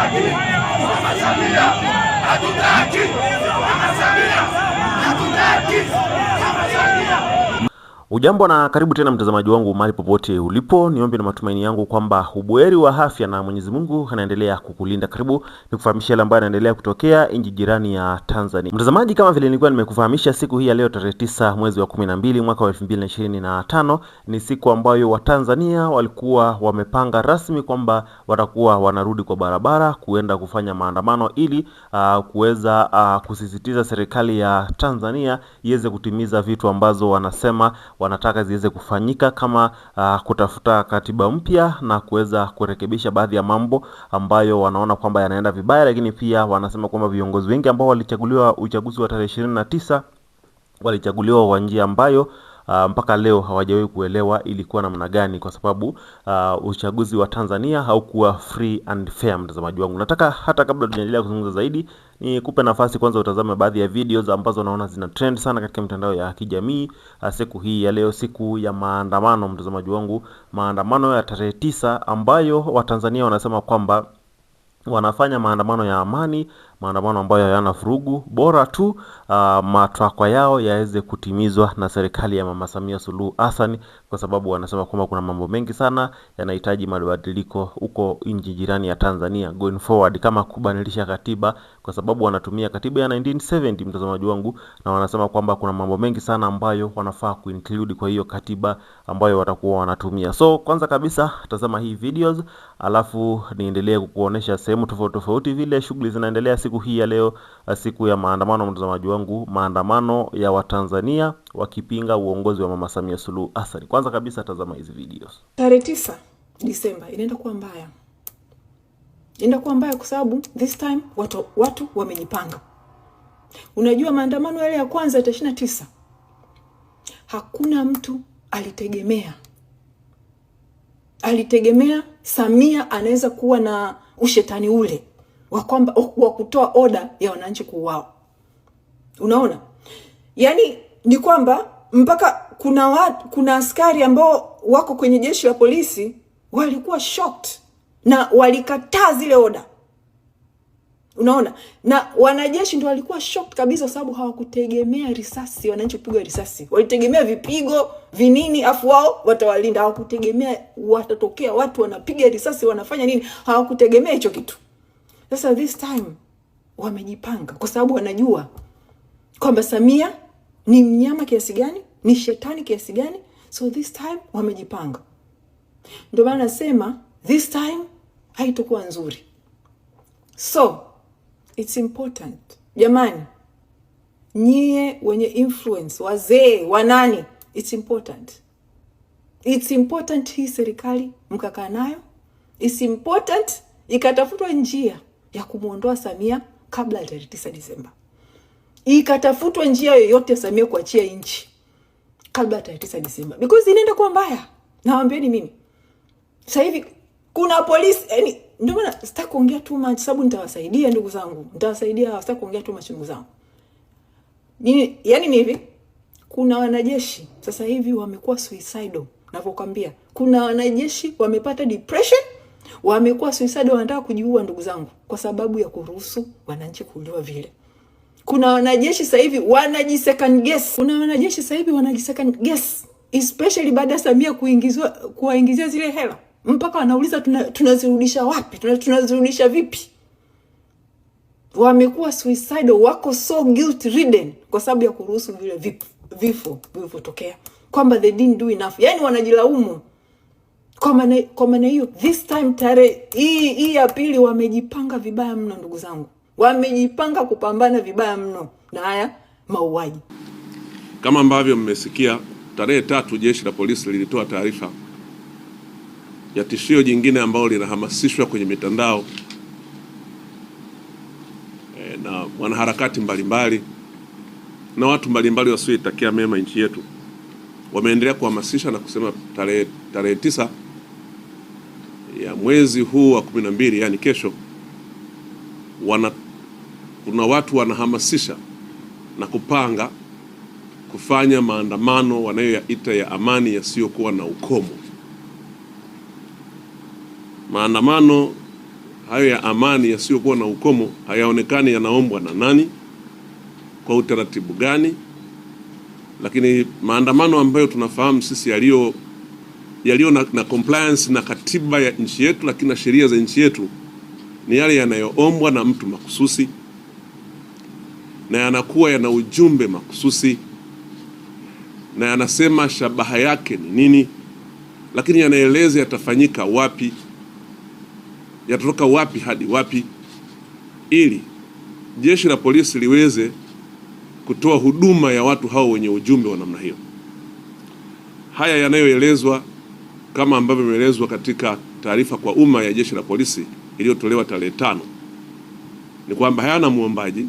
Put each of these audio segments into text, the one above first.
Haddad! Força Samira! Haddad! Força Samira! Haddad! Ujambo na karibu tena mtazamaji wangu mahali popote ulipo, niombe na matumaini yangu kwamba ubuheri wa afya na Mwenyezi Mungu anaendelea kukulinda. Karibu nikufahamisha yale ambayo yanaendelea kutokea nchi jirani ya Tanzania. Mtazamaji, kama vile nilikuwa nimekufahamisha, siku hii ya leo tarehe tisa mwezi wa 12 mwaka wa 2025 ni siku ambayo Watanzania walikuwa wamepanga rasmi kwamba watakuwa wanarudi kwa barabara kuenda kufanya maandamano ili uh, kuweza uh, kusisitiza serikali ya Tanzania iweze kutimiza vitu ambazo wanasema wanataka ziweze kufanyika kama uh, kutafuta katiba mpya na kuweza kurekebisha baadhi ya mambo ambayo wanaona kwamba yanaenda vibaya, lakini pia wanasema kwamba viongozi wengi ambao walichaguliwa uchaguzi wa tarehe ishirini na tisa walichaguliwa kwa njia ambayo uh, mpaka leo hawajawahi kuelewa ilikuwa namna gani, kwa sababu uh, uchaguzi wa Tanzania haukuwa free and fair. Mtazamaji wangu, nataka hata kabla tunaendelea kuzungumza zaidi, nikupe nafasi kwanza utazame baadhi ya videos ambazo naona zina trend sana katika mitandao ya kijamii ah, siku hii ya leo, siku ya maandamano. Mtazamaji wangu, maandamano ya tarehe tisa ambayo Watanzania wanasema kwamba wanafanya maandamano ya amani maandamano ambayo hayana furugu, bora tu uh, matakwa yao yaweze kutimizwa na serikali ya Mama Samia Suluhu Hassan, kwa sababu wanasema kwamba kuna mambo mengi sana yanahitaji mabadiliko huko nchi jirani ya Tanzania going forward, kama kubadilisha katiba, kwa sababu wanatumia katiba ya 1970 mtazamaji wangu, na wanasema kwamba kuna mambo mengi sana ambayo wanafaa kuinclude kwa hiyo katiba ambayo watakuwa wanatumia. So kwanza kabisa tazama hii videos, alafu niendelee kukuonesha sehemu tofauti tofauti vile shughuli zinaendelea siku siku hii ya leo, uh, siku ya maandamano, mtazamaji wangu, maandamano ya Watanzania wakipinga uongozi wa Mama Samia Suluhu Hassan. Kwanza kabisa tazama hizi videos. Tarehe tisa Disemba inaenda kuwa mbaya, inaenda kuwa mbaya kwa sababu this time watu, watu wamejipanga. Unajua maandamano yale ya kwanza ya tarehe hakuna mtu alitegemea alitegemea Samia anaweza kuwa na ushetani ule wa kwamba wa kutoa oda ya wananchi kuuawa. Unaona, yaani ni kwamba mpaka kuna wa, kuna askari ambao wako kwenye jeshi la polisi walikuwa shocked na walikataa zile oda. Unaona, na wanajeshi ndio walikuwa shocked kabisa, kwa sababu hawakutegemea risasi, wananchi kupigwa risasi. Walitegemea vipigo vinini, afu wao watawalinda. Hawakutegemea watatokea watu wanapiga risasi, wanafanya nini, hawakutegemea hicho kitu. Sasa this time wamejipanga, kwa sababu wanajua kwamba Samia ni mnyama kiasi gani, ni shetani kiasi gani. So this time wamejipanga, ndio maana nasema this time haitokuwa nzuri. So it's important jamani, nyie wenye influence, wazee, wanani, it's important It's important hii serikali mkakaa nayo, it's important ikatafutwa njia ya kumwondoa Samia kabla ya tarehe tisa Disemba, ikatafutwa njia yoyote Samia kuachia nchi kabla ya tarehe tisa Disemba because inaenda kuwa mbaya. Nawambieni mimi sasa hivi kuna polisi yani, ndio maana sitaki kuongea too much, sababu nitawasaidia ndugu zangu, nitawasaidia. Sitaki kuongea too much ndugu zangu. Ni yani ni hivi, kuna wanajeshi sasa hivi wamekuwa suicidal, navyokwambia, kuna wanajeshi wamepata depression Wamekuwa suicide, wanataka kujiua ndugu zangu, kwa sababu ya kuruhusu wananchi kuuliwa vile. Kuna wanajeshi sasa hivi wanajisecond guess, kuna wanajeshi sasa hivi wanajisecond guess, especially baada ya Samia kuingizwa kuwaingizia zile hela, mpaka wanauliza tunazirudisha tuna wapi, tunazirudisha tuna vipi? Wamekuwa suicidal, wako so guilt ridden kwa sababu ya kuruhusu vile vifo vilivyotokea, kwamba they didn't do enough, yani wanajilaumu kwa maana hiyo this time tare hii hii ya pili wamejipanga vibaya mno, ndugu zangu, wamejipanga kupambana vibaya mno na haya mauaji. Kama ambavyo mmesikia, tarehe tatu jeshi la polisi lilitoa taarifa ya tishio jingine ambalo linahamasishwa kwenye mitandao e, na wanaharakati mbalimbali mbali, na watu mbalimbali wasioitakia mema nchi yetu wameendelea kuhamasisha na kusema tarehe tarehe tisa ya mwezi huu wa kumi na mbili yaani kesho wana, kuna watu wanahamasisha na kupanga kufanya maandamano wanayoyaita ya amani yasiyokuwa na ukomo. Maandamano hayo ya amani yasiyokuwa na ukomo hayaonekani yanaombwa na nani, kwa utaratibu gani, lakini maandamano ambayo tunafahamu sisi yaliyo yaliyo na, na compliance na katiba ya nchi yetu, lakini na sheria za nchi yetu ni yale yanayoombwa na mtu makususi na yanakuwa yana ujumbe makususi na yanasema shabaha yake ni nini, lakini yanaeleza yatafanyika wapi, yatatoka wapi hadi wapi, ili jeshi la polisi liweze kutoa huduma ya watu hao wenye ujumbe wa namna hiyo. Haya yanayoelezwa kama ambavyo imeelezwa katika taarifa kwa umma ya Jeshi la Polisi iliyotolewa tarehe tano ni kwamba hayana muombaji,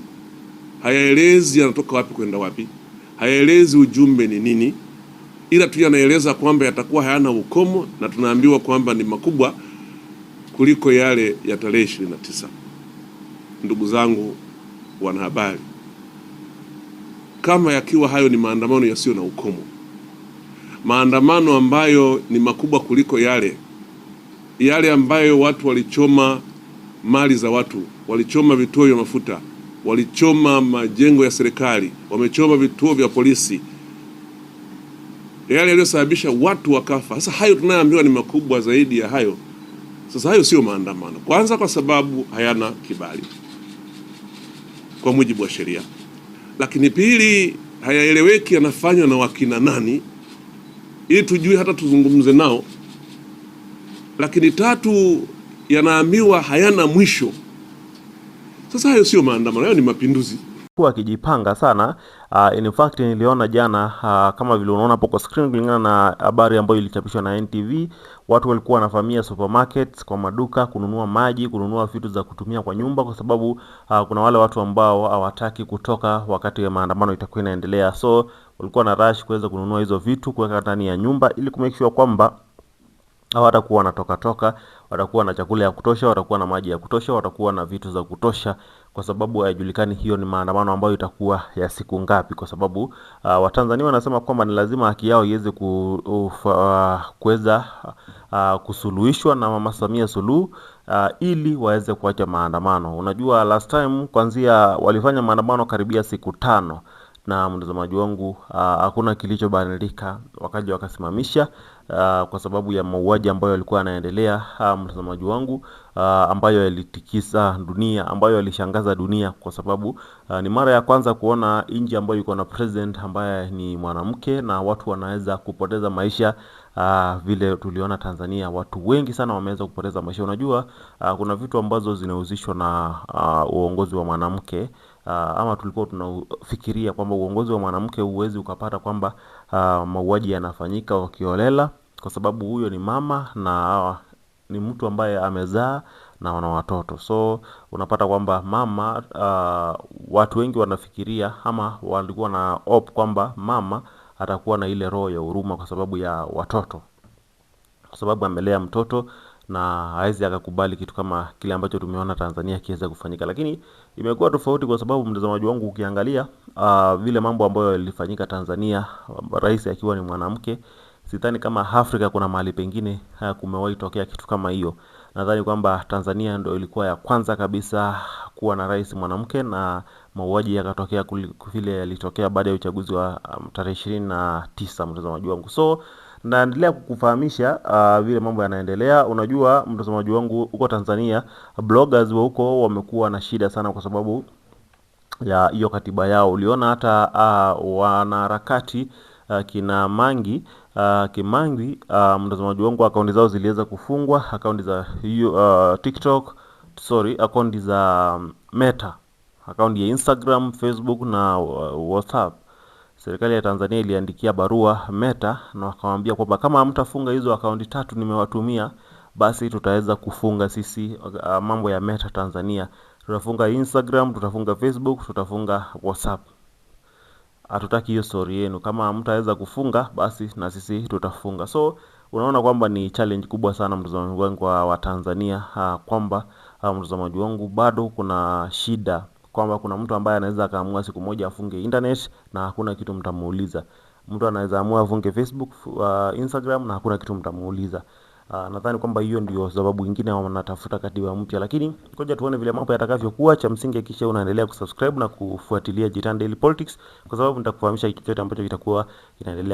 hayaelezi yanatoka wapi kwenda wapi, hayaelezi ujumbe ni nini, ila tu yanaeleza kwamba yatakuwa hayana ukomo na tunaambiwa kwamba ni makubwa kuliko yale ya tarehe tisa Ndugu zangu wanahabari, kama yakiwa hayo ni maandamano yasiyo na ukomo maandamano ambayo ni makubwa kuliko yale yale ambayo watu walichoma mali za watu, walichoma vituo vya mafuta, walichoma majengo ya serikali, wamechoma vituo vya polisi, yale yaliyosababisha watu wakafa. Sasa hayo tunayoambiwa ni makubwa zaidi ya hayo. Sasa hayo sio maandamano, kwanza kwa sababu hayana kibali kwa mujibu wa sheria, lakini pili hayaeleweki yanafanywa na wakina nani ili tujui hata tuzungumze nao. Lakini tatu, yanaambiwa hayana mwisho. Sasa hayo sio maandamano, hayo ni mapinduzi amekuwa akijipanga sana. Uh, in fact niliona jana uh, kama vile unaona hapo kwa screen, kulingana na habari ambayo ilichapishwa na NTV, watu walikuwa wanavamia supermarkets kwa maduka kununua maji, kununua vitu za kutumia kwa nyumba, kwa sababu uh, kuna wale watu ambao hawataki kutoka wakati maandamano itakuwa inaendelea, so walikuwa na rush kuweza kununua hizo vitu kuweka ndani ya nyumba ili kumake sure kwamba au watakuwa wanatoka toka, watakuwa na chakula ya kutosha, watakuwa na maji ya kutosha, watakuwa na vitu za kutosha, kwa sababu hayajulikani hiyo ni maandamano ambayo itakuwa ya siku ngapi, kwa sababu uh, Watanzania wanasema kwamba ni lazima haki yao iweze kuweza uh, uh, kusuluhishwa na Mama Samia Suluhu uh, ili waweze kuacha maandamano. Unajua last time kwanzia walifanya maandamano karibia siku tano na mtazamaji wangu, ah, hakuna kilichobadilika. Wakaja wakasimamisha aa, ah, kwa sababu ya mauaji ambayo yalikuwa yanaendelea, ah, mtazamaji wangu, ambayo yalitikisa dunia, ambayo yalishangaza dunia, kwa sababu aa, ni mara ya kwanza kuona nchi ambayo iko na president ambaye ni mwanamke na watu wanaweza kupoteza maisha. Uh, vile tuliona Tanzania watu wengi sana wameweza kupoteza maisha. Unajua, uh, kuna vitu ambazo zinahusishwa na uh, uongozi wa mwanamke uh, ama tulikuwa tunafikiria kwamba uongozi wa mwanamke huwezi ukapata kwamba uh, mauaji yanafanyika wakiolela, kwa sababu huyo ni mama na uh, ni mtu ambaye amezaa na wana watoto. So unapata kwamba mama, uh, watu wengi wanafikiria ama walikuwa na op kwamba mama atakuwa na ile roho ya huruma kwa sababu ya watoto, kwa sababu amelea mtoto na hawezi akakubali kitu kama kile ambacho tumeona Tanzania kiweza kufanyika, lakini imekuwa tofauti kwa sababu mtazamaji wangu, ukiangalia uh, vile mambo ambayo yalifanyika Tanzania, rais akiwa ni mwanamke, sidhani kama Afrika kuna mahali pengine haya ah, kumewahi tokea kitu kama hiyo. Nadhani kwamba Tanzania ndio ilikuwa ya kwanza kabisa kuwa na rais mwanamke na mauaji yakatokea vile yalitokea baada ya uchaguzi wa um, tarehe ishirini na tisa mtazamaji wangu so naendelea kukufahamisha uh, vile mambo yanaendelea. Unajua mtazamaji wangu huko Tanzania, bloggers wa huko wamekuwa na shida sana kwa sababu ya hiyo katiba yao. Uliona hata uh, wanaharakati uh, kina Mangi Uh, Kimangi uh, mtazamaji wangu, akaunti zao ziliweza kufungwa, akaunti za uh, TikTok, sorry, akaunti za Meta, akaunti ya Instagram, Facebook na uh, WhatsApp serikali ya Tanzania iliandikia barua Meta na wakamwambia kwamba kama mtafunga hizo akaunti tatu nimewatumia, basi tutaweza kufunga sisi uh, mambo ya Meta Tanzania. Tutafunga Instagram, tutafunga Facebook, tutafunga WhatsApp. Hatutaki hiyo story yenu. Kama mtaweza kufunga, basi na sisi tutafunga. So unaona kwamba ni challenge kubwa sana mtazamaji wangu wa Tanzania, uh, kwamba uh, mtazamaji wangu bado kuna shida kwamba kuna mtu ambaye anaweza akaamua siku moja afunge internet na hakuna kitu mtamuuliza. Mtu anaweza amua afunge Facebook, uh, Instagram na hakuna kitu mtamuuliza. Uh, nadhani kwamba hiyo ndio sababu nyingine wanatafuta katiba mpya, lakini ngoja tuone vile mambo yatakavyokuwa. Cha msingi kisha unaendelea kusubscribe na kufuatilia Jitan Daily Politics, kwa sababu nitakufahamisha chochote ambacho kitakuwa kinaendelea.